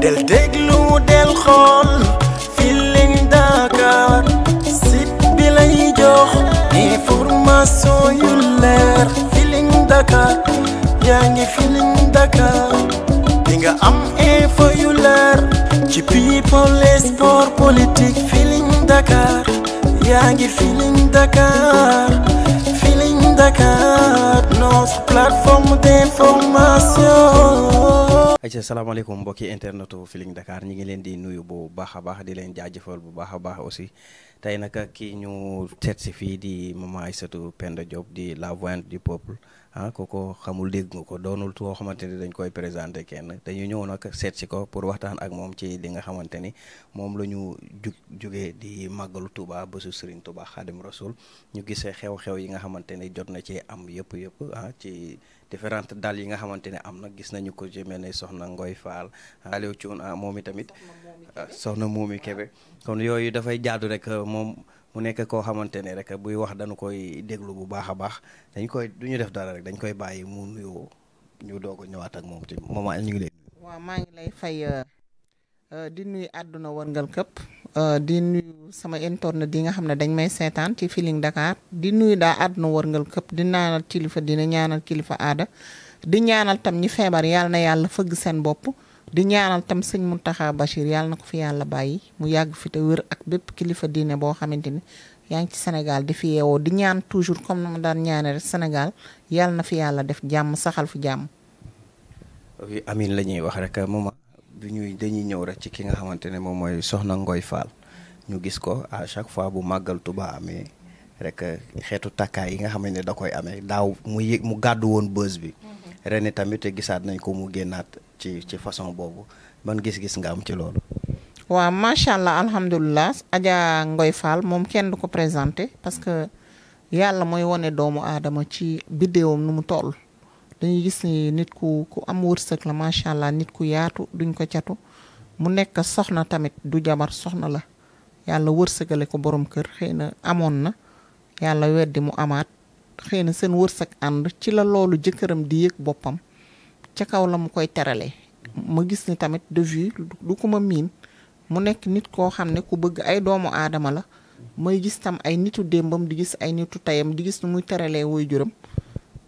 del déglu del xool Feeling Dakar site bi lay jox information leer Feeling Dakar yaa ngi Feeling Dakar di nga am info yu leer ci people et sport politique Feeling Dakar yaa ngi Feeling Dakar Feeling Dakar notre plateforme d'information. ayca salaamaaleykum mbokki internetu Feeling Dakar ñi ngi leen di nuyu bu baax a baax di leen jaajëfal bu baax a baax aussi tey nag kii ñu seet si fii di maman satu Penda Diop di la voyante du peuple ah xamul dégg nga ko doonul koo xamante ni dañ koy présenté kenn dañu ñëw nag seet si ko pour waxtaan ak moom ci di nga xamante ni moom la ñu jug jugee di màggalu Touba bésu Serigne Touba Xaadim Rasul ñu gisee xew-xew yi nga xamante ni jot na ci am yëpp yëpp ah ci différentes dal yi nga xamante ne am na gis nañu ko ci mel ne soxna Ngoy Faal ah, Aliou Thioune ah moom i tamit ah, soxna Momi Kebe kon yooyu dafay jaadu rek ah, moom mu nekk koo xamante ne rek buy wax danu koy déglu bu baax a baax dañ koy duñu def dara rek dañ koy bàyyi mu nuyoo ñu doog a ñëwaat ak moom ci moment ñu ngi lay. waaw maa ngi lay fay di àdduna wërngal këpp Euh, di nuyu sama internet di nga xam ne dañ may seetaan ci Feeling Dakar di nuyu daa àdduna wërngal këpp di naanal kilifa dina ñaanal kilifa aada di ñaanal tam ñi feebar yàlla na yàlla fëgg seen bopp di ñaanal tam sëñ mu Mountakha Bachir yàlla na ko fi yàlla bàyyi mu yàgg fi te wér ak bépp kilifa diine boo xamante ni yaa ngi ci Sénégal di fi di ñaan toujours comme na ma daan ñaane rek Sénégal yàlla na fi yàlla def jàmm saxal fi jàmm. amiin la ñuy du ñuy dañuy ñëw rek ci ki nga xamante ne moom mooy Soxna Ngoy Fall ñu gis ko a chaque fois bu màggal Tuba amee rek xeetu takkaay yi nga xamante ne da koy amee daaw mu mu gàddu woon bës bi. Mm-hmm. ren tamit gisaat nañ ko mu génnaat ci ci façon boobu ban gis-gis nga am ci loolu. waaw macha allah alhamdulilah Adja Ngoy Fall moom kenn du ko présenté parce que yàlla mooy wane doomu aadama ci biddéewam nu mu toll. dañuy gis ni nit ku ku am wërsëg la macha allah nit ku yaatu duñ ko catu mu nekk soxna tamit du jabar soxna la yàlla wërsëgale ko borom kër xëy na amoon na yàlla weddi mu amaat xëy na seen wërsëg ànd ci la loolu jëkkëram di yëg boppam ca kaw la mu koy teralee ma gis ni tamit de vue du ko ma miin mu nekk nit koo xam ne ku bëgg ay doomu aadama la may gis tam ay nitu démbam di gis ay nitu tayam di gis nu muy teralee woy juram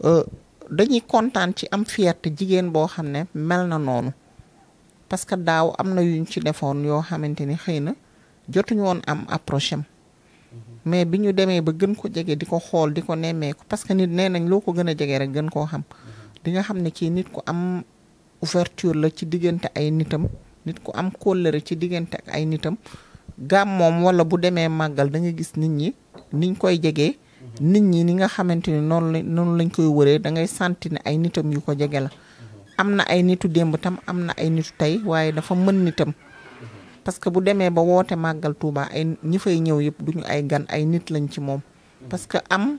euh, dañuy kontaan ci am fierté jigéen boo xam ne mel na noonu parce que daaw am na yuñ ci defoon yoo xamante ni xëy na jotuñu woon am approche am mais bi ñu demee ba gën ko jege di ko xool di ko nemmeeku parce que nit nee nañ loo ko gën a jege rek gën koo xam di nga xam ne kii nit ku am ouverture la ci diggante ay nitam nit ku am kóllëre ci diggante ak ay nitam gàmm moom wala bu demee màggal da gis nit ñi niñ koy jegee nit ñi ni nga xamante ni noonu la noonu lañ koy wëree da ngay santi ne ay nitam yu ko jege la am na ay nitu démb tam am na ay nitu tey waaye dafa mën nitam parce que bu demee ba woote màggal Touba ay ñi fay ñëw yëpp duñu ay gan ay nit lañ ci moom parce que am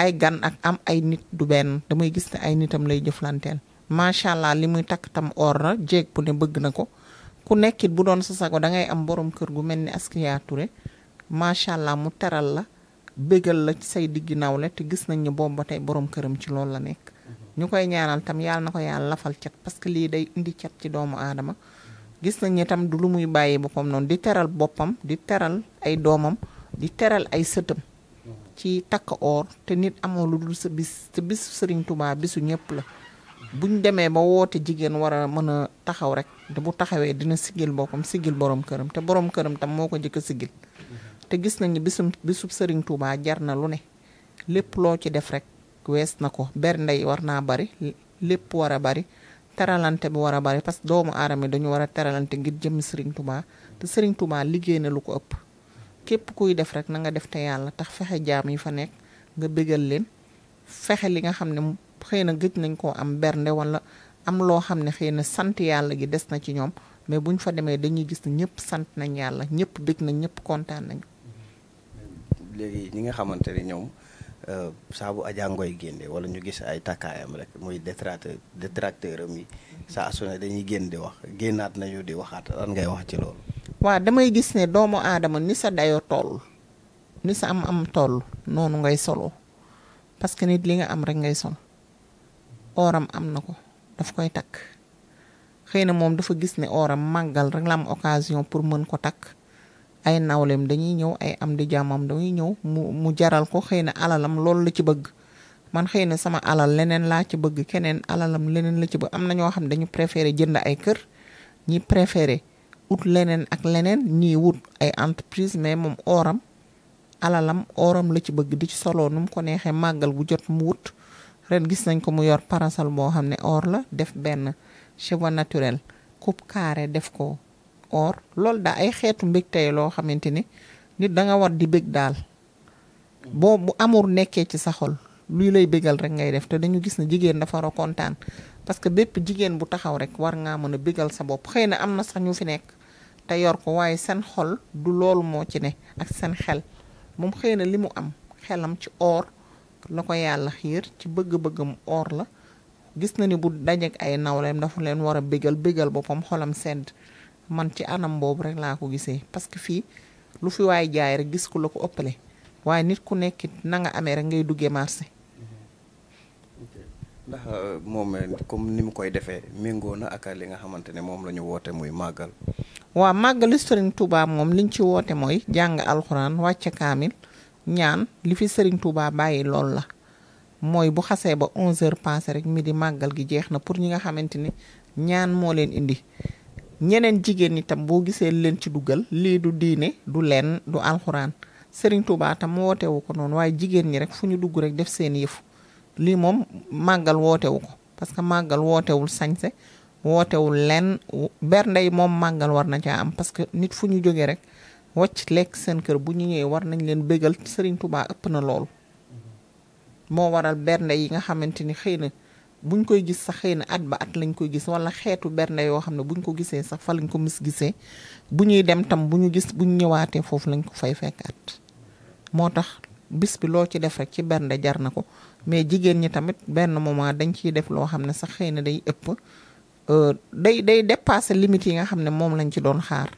ay gan ak am ay nit du benn damay gis ne ay nitam lay jëflanteel macha allah li muy takk tam or na jéeg bu ne bëgg na ko ku nekkit bu doon sa sago da ngay am borom kër gu mel ni Askia Touré macha allah mu teral la bégal la ci say diggi nawle te gis nañ ni boobu ba tey boroom këram ci loolu la nekk. Mhm. ñu koy ñaanal tam yàlla na ko yàlla lafal cat parce que lii day indi cat ci doomu aadama. gis nañ ni tam du lu muy bàyyi boppam noonu di teral boppam di teral ay doomam di teral ay sëtam. Mhm. ci takk or te nit amoo lu dul sa bis te bisu Serigne Touba bisu ñëpp la. Mhm. buñ demee ba woote jigéen war a mën a taxaw rek te bu taxawee dina sigil boppam sigil borom këram te borom këram tam moo ko njëkk a te gis nañu bisum bisub sëriñ Touba jar na lu ne lépp loo ci def rek wees na ko bernde yi war naa bari lépp war a bari teralante bi war a bari parce que doomu aadama dañu war a teralante ngir jëmmi sëriñ Touba te sëriñ Touba liggéey na lu ko ëpp képp kuy def rek na nga def te yàlla tax fexe jaam yi fa nekk nga bégal leen fexe li nga xam ne xëy na gëj nañ koo am bernde wala am loo xam ne xëy na sant yàlla gi des na ci ñoom mais buñ fa demee dañuy gis ñëpp sant nañ yàlla ñëpp bég nañ ñëpp kontaan nañ léegi ñi nga xamante ne ñoom euh, saabu Adja Ngoy génne wala ñu gis ay takkaayam rek muy détracteur détracteur am yi saa su dañuy génn di wax génnaat nañu di waxaat lan ngay wax ci loolu. waa damay gis ne doomu aadama ni sa dayoo toll ni sa am am toll noonu ngay solo parce que nit li nga am rek ngay sol oram am na ko daf koy takk xëy na moom dafa gis ne oram màggal rek la am occasion pour mën ko takk. ay nawleem dañuy ñëw ay am di jàmmam dañuy ñëw mu mu jaral ko xëy na alalam loolu la ci bëgg man xëy na sama alal leneen laa ci bëgg keneen alalam leneen la ci am na ñoo xam dañu préféré jënd ay kër ñi préféré ut leneen ak leneen ñii wut ay entreprise mais moom oram alalam oram la ci bëgg di ci solo nu mu ko neexee màggal bu jot mu wut ren gis nañ ko mu yor parasol boo xam ne or la def benn cheveux naturel coupe carré def ko or loolu daa ay xeetu mbégte loo xamante ni nit danga war di bég daal boo bu amour nekkee ci sa xol luy lay bégal rek ngay def te dañu gis ne jigéen dafa war a kontaan parce que bépp jigéen bu taxaw rek war ngaa mën a bégal sa bopp xëy na am na sax ñu fi nekk te yor ko waaye seen xol du loolu moo ci ne ak seen xel moom xëy na li mu am xelam ci or la ko yàlla xiir ci bëgg-bëggam or la gis na ni bu dajeek ay nawleem dafa leen war a bégal bégal boppam xolam sedd man ci anam boobu rek laa ko gisee parce que fii lu fi waay jaay rek gis ku la ko ëppale waaye nit ku nekkit na nga amee rek ngay duggee marché. Mm-hmm. ndax euh, moom euh, comme ni mu koy defee méngoo na ak li nga xamante ne moom la ñu woote muy màggal. waa màggalu Serigne Touba moom liñ ci woote mooy jàng alxuraan wàcce kaamil ñaan li fi Serigne Touba bàyyi loolu la mooy bu xasee ba 11h passé rek mi di màggal gi jeex na pour ñi nga xamante ni ñaan moo leen indi. ñeneen jigéen ñi itam boo gisee leen ci dugal lii du diine du leen du alxuraan sëriñ Tuubaa tam wootewu ko noonu waaye jigéen ñi rek fu ñu dugg rek def seen yëfu lii moom màggal wootewu ko parce que màggal wootewul sañse wootewul leen bernde yi moom màggal war na caa am parce que nit fu ñu jógee rek wocc lekk seen kër bu ñu ñëwee war nañ leen bégal sëriñ Tuubaa ëpp na loolu moo waral bernde yi nga xamante ni xëy na buñ koy gis sax xëy na at ba at lañ koy gis wala xeetu bernde yoo xam ne buñ ko gisee sax fa lañ ko mis gisee bu ñuy dem tam bu ñu gis buñu ñëwaatee foofu lañ ko fay fekk at moo tax bis bi loo ci def rek ci bernde jar na ko mais jigéen ñi tamit benn moment dañ ciy def loo xam ne sax xëy na day ëpp euh, day day dépasser limites yi nga xam ne moom lañ ci doon xaar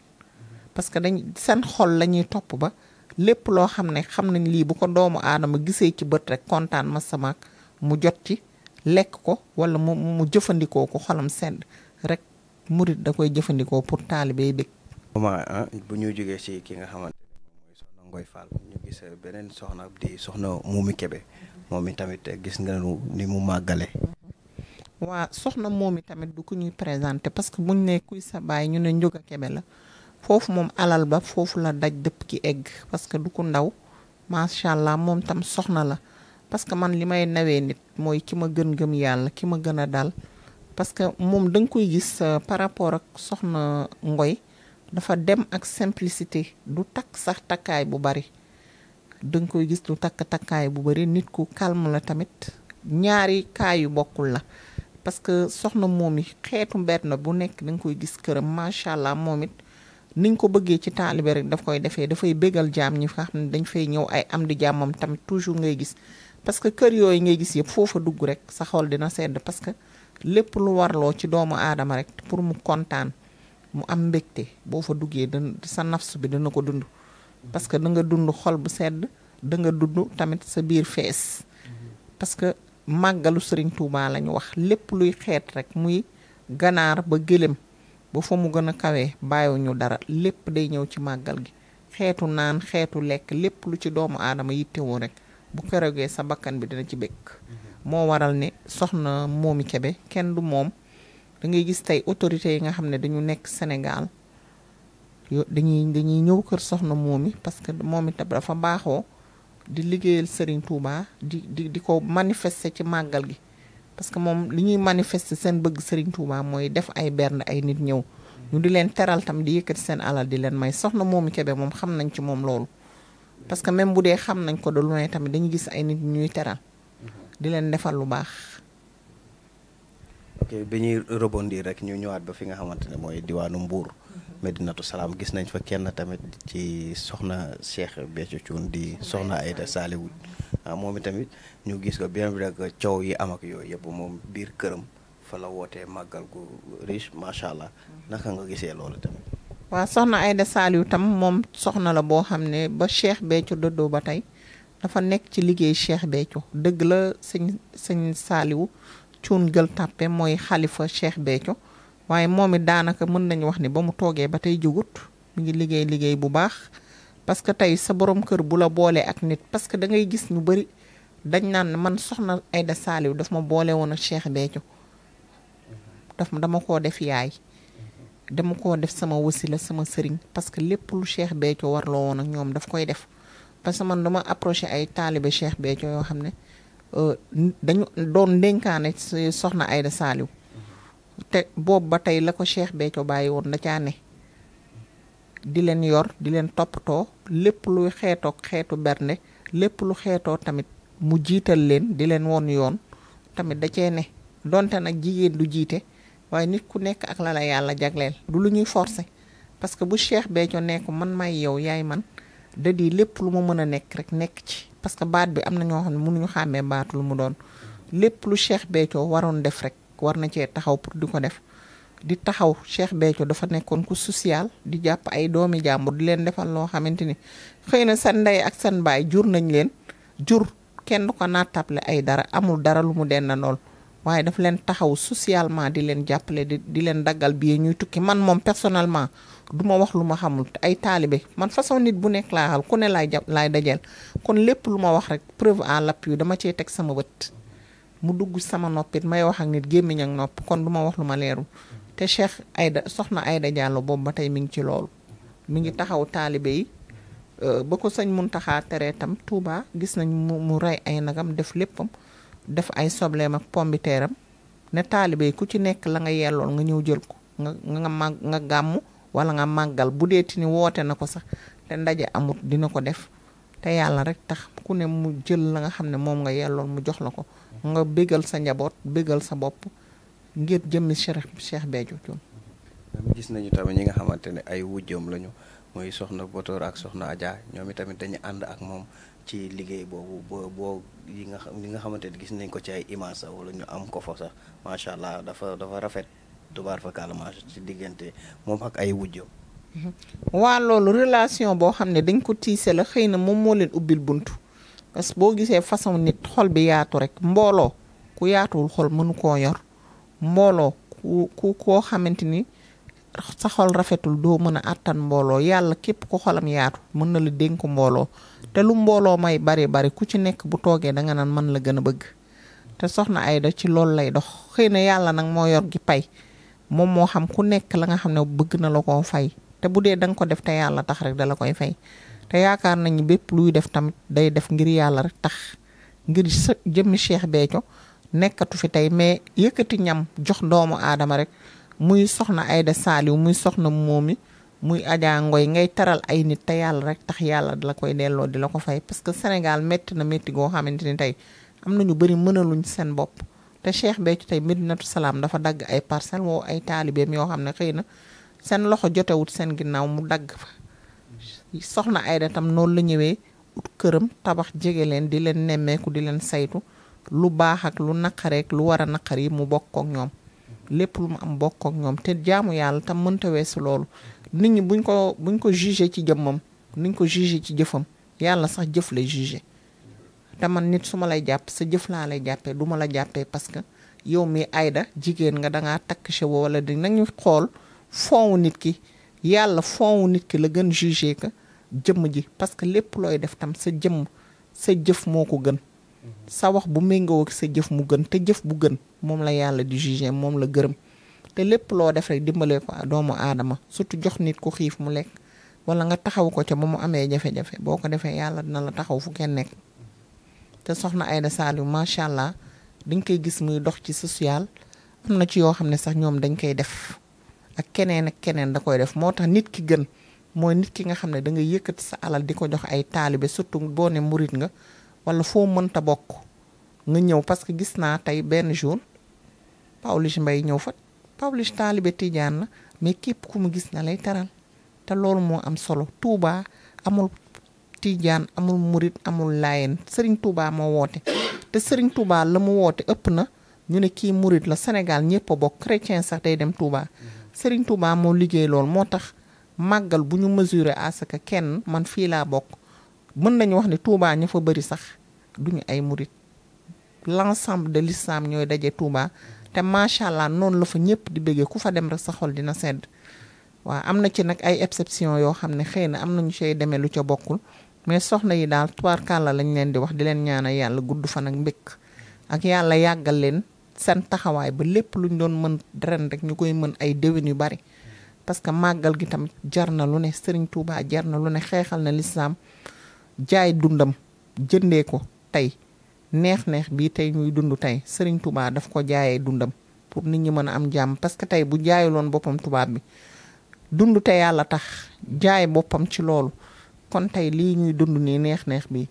parce que dañ seen xol la ñuy topp ba lépp loo xam ne xam nañ lii bu ko doomu aadama gisee ci bët rek kontaan ma samaak mu jot ci lekk ko wala mu mu jëfandikoo ko xolam sedd rek murit da koy jëfandikoo pour taali yi bëgg. bu ñu jógee ci ki nga xamante ne mooy soxna Ngoy Fall ñu gis beneen soxna di soxna Momy Kébé moom tamit gis nga ni mu màggale. waa soxna Momy tamit du ku ñuy présenté parce que buñ ne kuy sa baay ñu ne Njóga Kébé la foofu moom alal ba foofu la daj dëpp ki egg parce que du ko ndaw macha allah moom tam soxna la. parce que man li may nawee nit mooy ki ma gën gëm yàlla ki ma gën a dal parce que moom da nga koy gis euh, par rapport ak soxna Ngoy dafa dem ak simplicité du takk sax takkaay bu bari da koy gis du takk takkaay bu bari nit ku calme la tamit ñaari kaayu yu bokkul la parce que soxna moom yi xeetu mbet na bu nekk da nga koy gis këram macha allah moom it niñ ko bëggee ci taalibe rek daf koy defee dafay bégal jaam ñi nga xam ne dañ fay ñëw ay am di jàmmam tamit toujours ngay gis parce que kër yooyu ngay gis yëpp foofa dugg rek sa xol dina sedd parce que lépp lu warloo ci doomu aadama rek pour mu kontaan mu am mbégte boo fa duggee da sa nafsu bi dana ko dund. parce que da nga dund xol bu sedd da nga dund tamit sa biir fees. parce que màggalu Serigne Touba la ñu wax lépp luy xeet rek muy ganaar ba gëléem ba fa mu gën a kawee bàyyiwuñu dara lépp day ñëw ci màggal gi xeetu naan xeetu lekk lépp lu ci doomu aadama yi yittewoo rek. bu kerogee sa bakkan bi dina ci bëgg moo waral ne soxna moomi kebe kenn du moom da ngay gis tey autorités yi nga xam ne dañu nekk Sénégal yo dañuy dañuy ñëw kër soxna Momy parce que moom itam dafa baaxoo di liggéeyal Serigne Touba di di di ko manifester ci màggal gi parce que moom li ñuy manifester seen bëgg Serigne Touba mooy def ay bernde ay nit ñëw ñu di leen teral tamit di yëkkati seen alal di leen may soxna Momy Kébé moom xam nañ ci moom loolu parce que même bu dee xam nañ ko de loin tamit dañu gis ay nit ñuy teral di leen defal lu baax. ok bi ñuy rebondir rek ñu ñëwaat ba fi nga xamante ne mooy diwaanu Mbour. Medinatu Salaam gis nañ fa kenn tamit ci soxna Cheikh Béthio Thioune di soxna Aïda Saliou ah, moom tamit ñu gis ko bien vrai que coow yi am ak yooyu yëpp moom biir këram fa la wootee màggal ko riche macha allah naka nga gisee loolu tamit. waaw soxna Aida Saliou tam moom soxna la boo xam ne ba Cheikh Béthio dëddoo ba tey dafa nekk ci liggéey Cheikh Béthio dëgg la sëñ sëñ Saliou cuun gël tàppe mooy xalifa Cheikh Béthio waaye moom it daanaka mën nañu wax ni ba mu toogee ba tey jugut mu ngi liggéey liggéey bu baax parce que tey sa borom kër bu la boolee ak nit parce que da ngay gis ñu bëri dañ naan man soxna Aida Saliou daf ma boole woon ak Cheikh Béthio daf dama ko def yaay dama ko def sama wasila sama sëriñ parce que lépp lu Cheikh Béthio warloo woon ak ñoom daf koy def parce que man dama approché ay taalibe Cheikh Béthio yoo xam ne euh, dañu doon ndénkaane soxna Aïda Saliou te boobu ba tey la ko Cheikh Béthio bàyyi woon da caa ne di leen yor di leen toppatoo lépp luy xeetoog xeetu bernde lépp lu xeetoo tamit mu jiital leen di leen woon yoon tamit da cee ne donte nag jigéen du jiite waaye nit ku nekk ak la yàlla jagleel du lu ñuy forcer parce que bu Cheikh Béthio nekk man may yow yaay man da lépp lu ma mën a nekk rek nekk ci parce que baat bi am na ñoo xam ne mënuñu xàmmee baatu lu mu doon lépp lu Cheikh Béthio waroon def rek war na cee taxaw pour di ko def di taxaw Cheikh Béthio dafa nekkoon ku social di jàpp ay doomi jàmbur di leen defal loo xamante ni xëy na sa ndey ak san baay jur nañ leen jur kenn du ko naatable ay dara amul dara lu mu denn lool waaye daf leen taxaw socialement di leen jàppale di di leen daggal bi ñuy tukki man moom personnellement du ma wax lu ma xamul ay taalibe man façon nit bu nekk laa xal ku ne laay jàpp laay kon lépp lu ma wax rek preuve à l'appui dama cee teg sama bët mu dugg sama noppit may wax ak nit gémmiñ ak nopp kon du ma wax lu ma leerul te Cheikh da soxna Aïda Diallo boobu ba tey mi ngi ci loolu mi ngi taxaw taalibe yi euh, ba ko sëñ Muntaxa tere tam Touba gis nañ mu mu rey ay nagam def léppam def ay sobleem ak pombiteeram ne taalibe ku ci nekk la nga yellool nga ñëw jël ko nga nga mag nga gàmm wala nga màggal bu dee ti ni woote na ko sax te ndaje amut dina ko def te yàlla rek tax ku ne mu jël la nga xam ne moom nga yellool mu jox la ko nga bëggal sa njaboot bégal sa bopp ngir jëmmi Cheikh Cheikh Béthio Thioune gis nañu tamit ñi nga xamante ne ay wujjam lañu mooy soxna Botoor ak soxna Adja ñoom itamit dañu ànd ak moom ci liggéey boobu boo boo yi nga xam li nga xamante ne gis nañ ko ci ay image sax wala ñu am ko fa sax macha allah dafa dafa rafet tubaar fa kàllaama ci diggante moom ak ay wujjo mm-hmm. waa loolu relation boo xam ne dañ ko tiise la xëy na moom moo leen ubbil bunt parce que boo gisee façon nit xol bi yaatu rek mbooloo ku yaatuwul xol mënu koo yor mbooloo ku koo xamante ni sa rafetul doo mën a àttan mbooloo yàlla képp ko xolam yaatu mën na la dénk mbooloo te lu mbooloo may bari bari ku ci nekk bu toogee danga naan man la gën a bëgg te soxna Aida ci loolu lay dox xëy na yàlla nag moo yor gi pay moom moo xam ku nekk la nga xam ne bëgg na la koo fay te bu dee danga ko def te yàlla tax rek da la koy fay te yaakaar nañu bépp luy def tamit day def ngir yàlla rek tax ngir sa jëmmi Cheikh Béthio nekkatu fi tey mais yëkkati ñam jox doomu aadama rek muy soxna Aida Saliou muy soxna moomi muy Adja Ngoy ngay taral ay nit te yàlla rek tax yàlla di la koy delloo di la ko fay parce que Sénégal métti na métti goo xamante ni tey am na ñu bëri mënaluñ seen bopp. te Cheikh Béthio tey Medinatu Salaam dafa dagg ay parcelle woo ay taalibeem yoo xam ne xëy na seen loxo jotewut seen ginnaaw mu dagg fa. soxna Aida tam noonu la ñëwee ut këram tabax jege leen di leen nemmeeku di leen saytu lu baax ak lu naqareek lu war a naqar yi mu bokk ak ñoom. lépp lu mu am bokk ñoom te jaamu yàlla tam mënta weesu loolu nit ñi buñ koo buñ ko jugé ci jëmmam nuñ ko jugé ci jëfam yàlla sax jëf lay jugé te man nit su ma lay jàpp sa jëf laa lay jàppee duma la jàppee parce que yow mi ayda jigéen nga dangaa takk cheveux wala di nañu xool foowu nit ki yàlla foowu nit ki la gën jugé ka jëmm ji parce que lépp looy def tam sa jëmm sa jëf moo ko gën sa wax bu méngoo ak sa jëf mu gën te jëf bu gën moom la yàlla di jugé moom la gërëm te lépp loo def rek dimbalee ko doomu aadama surtout jox nit ku xiif mu lekk wala nga taxaw ko ca ba mu amee jafe-jafe boo ko defee yàlla dina la taxaw fu kenn nekk te soxna Aïda Saliou macha allah dañ koy gis muy dox ci social am na ci yoo xam ne sax ñoom dañ koy def ak keneen ak keneen da koy def moo tax nit ki gën mooy nit ki nga xam ne da nga yëkkati sa alal di ko jox ay taalibe surtout boo ne murit nga wala foo mënta bokk nga ñëw parce que gis naa tey benn jour Pawlish Mbaye ñëw fa Pawlish taalibe tiijaan la mais képp ku mu gis na lay teral te loolu moo am solo Touba amul Tijaan amul Murit amul Laayeen Serigne Touba moo woote te Serigne Touba la mu woote ëpp na ñu ne kii Murit la Sénégal ñëpp bokk chrétien sax day dem Touba Serigne Touba moo liggéey loolu moo tax màggal bu ñu mesurer à que kenn man fii laa bokk. mën nañu wax ne Touba ña fa bëri sax duñu ay murit l'ensemble de l'islam ñooy daje tuubaa te macha allah noonu la fa ñëpp di bëggee ku fa dem rek sa xol dina sedd waa am na ci nag ay exception yoo xam ne xëy na am nañu cay demee lu ca bokkul mais soxna yi daal tubaarkàlla lañ leen di wax di leen ñaana yàlla gudd fa ak mbékk ak yàlla yàggal leen seen taxawaay ba lépp lu ñu doon mën ren rek ñu koy mën ay déwén yu bari parce que màggal gi tamit jar na lu ne Serigne Touba jar na lu ne xeexal na l'islam jaay dundam jëndee ko tey neex-neex bii tey ñuy dund tey Serigne Touba daf ko jaayee dundam pour nit ñi mën a am jàmm parce que tey bu jaayuloon boppam tubaab bi dund te yàlla tax jaay boppam ci loolu kon tey lii ñuy dund nii neex-neex bi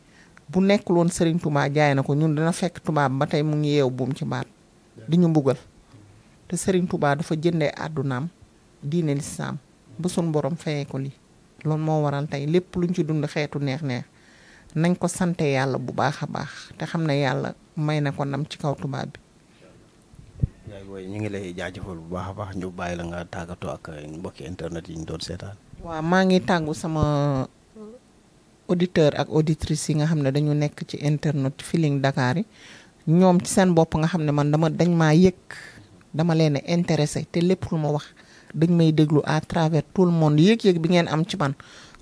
bu nekkul woon Serigne Touba jaay na ko ñun dina fekk tubaab ba tey mu ngi yeew buum ci baat di ñu mbugal te sëriñ Touba dafa jëndee àddunaam diine lislaam ba suñ borom fayee ko lii loolu moo waral tey lépp luñ ci dund xeetu neex-neex. nañ ko sante yàlla bu baax a baax te xam ne yàlla may na ko nam ci kaw tubaab bi. waaye ñu ngi lay jaajëfal bu baax a baax ñu bàyyi la nga tàggatoo ak mbokki internet yi ñu doon seetaan. waaw maa ngi tàggu sama auditeur ak auditrice yi nga xam ne dañu nekk ci internet Feeling Dakar yi ñoom ci seen bopp nga xam ne man dama dañ maa yëg dama leen a te lépp lu ma wax dañ may déglu à travers tout le monde yëg-yëg bi ngeen am ci man.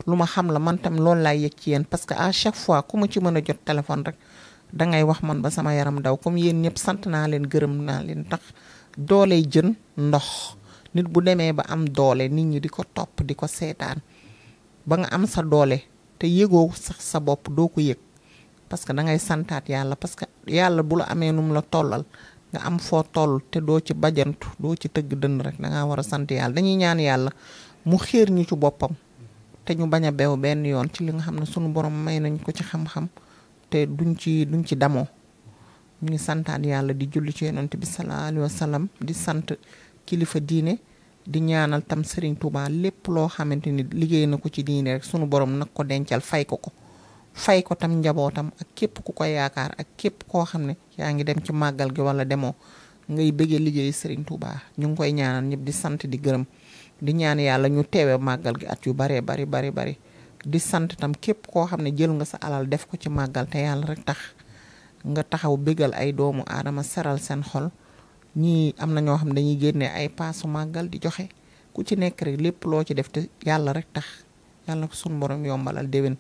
lu ma xam la man tam loolu laay yëg ci yéen parce que à chaque fois ku ma ci mën a jot téléphone rek dangay wax man ba sama yaram daw comme yéen ñëpp sant naa leen gërëm naa leen tax dooley jën ndox nit bu demee ba am doole nit ñi di ko topp di ko seetaan ba nga am sa doole te yëgoo sax sa bopp doo ko yëg parce que dangay santaat yàlla parce que yàlla bu la amee num la tollal nga am foo toll te doo ci bajantu doo ci tëgg dënd rek dangaa war a sant yàlla dañuy ñaan yàlla mu xiir ñu ci boppam te ñu bañ a beew benn yoon ci li nga xam ne sunu borom may nañ ko ci xam-xam te duñ ci duñ ci damoo ñu ngi santaat yàlla di julli ci yonent bi sallallahu alayhi di sant kilifa diine di ñaanal tam sëriñ Touba lépp loo xamante ni liggéey na ko ci diine rek sunu borom nag ko dencal fay ko ko. fay ko tam njabootam ak képp ku ko yaakaar ak képp koo xam ne yaa ngi dem ci màggal gi wala demoo ngay bëggee liggéey Serigne Touba ñu ngi koy ñaanal ñëpp di sant di gërëm. di ñaan yàlla ñu teewe màggal gi at yu baree bari bari bari di sant tam képp koo xam ne jël nga sa alal def ko ci màggal te yàlla rek tax nga taxaw bégal ay doomu aadama seral seen xol ñii am na ñoo xam ne dañuy génne ay paasu màggal di joxe ku ci nekk rek lépp loo ci def te yàlla rek tax yàlla ko sunu borom yombalal déwén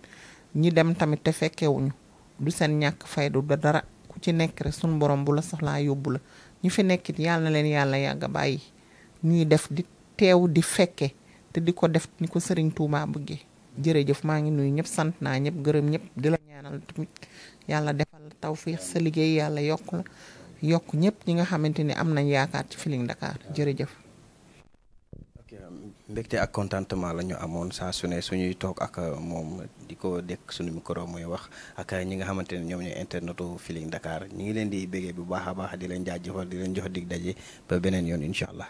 ñi dem tamit te fekkewuñu du seen ñàkk faydu da dara ku ci nekk rek sunu borom bu la soxlaa yóbbu la ñu fi nekkit yàlla leen yàlla yàgg teew di fekke te di ko def ni ko sëriñ Touba bëggee jërëjëf maa ngi nuyu ñëpp sant naa ñëpp gërëm ñëpp di la ñaanal tamit yàlla defal tawfiix sa liggéey yàlla yokk la yokk ñëpp ñi nga xamante ni am nañ yaakaar ci Feeling jërëjëf. mbégte ak contentement la ñu amoon saa ne suñuy toog ak euh, moom di ko dekk suñu micro muy wax ak ñi nga xamante ne ñoom ñooy internetu Feeling Dakar ñi ngi leen di béggee bu baax a baax di leen jaajëfal di leen jox dig daje ba beneen yoon incha allah.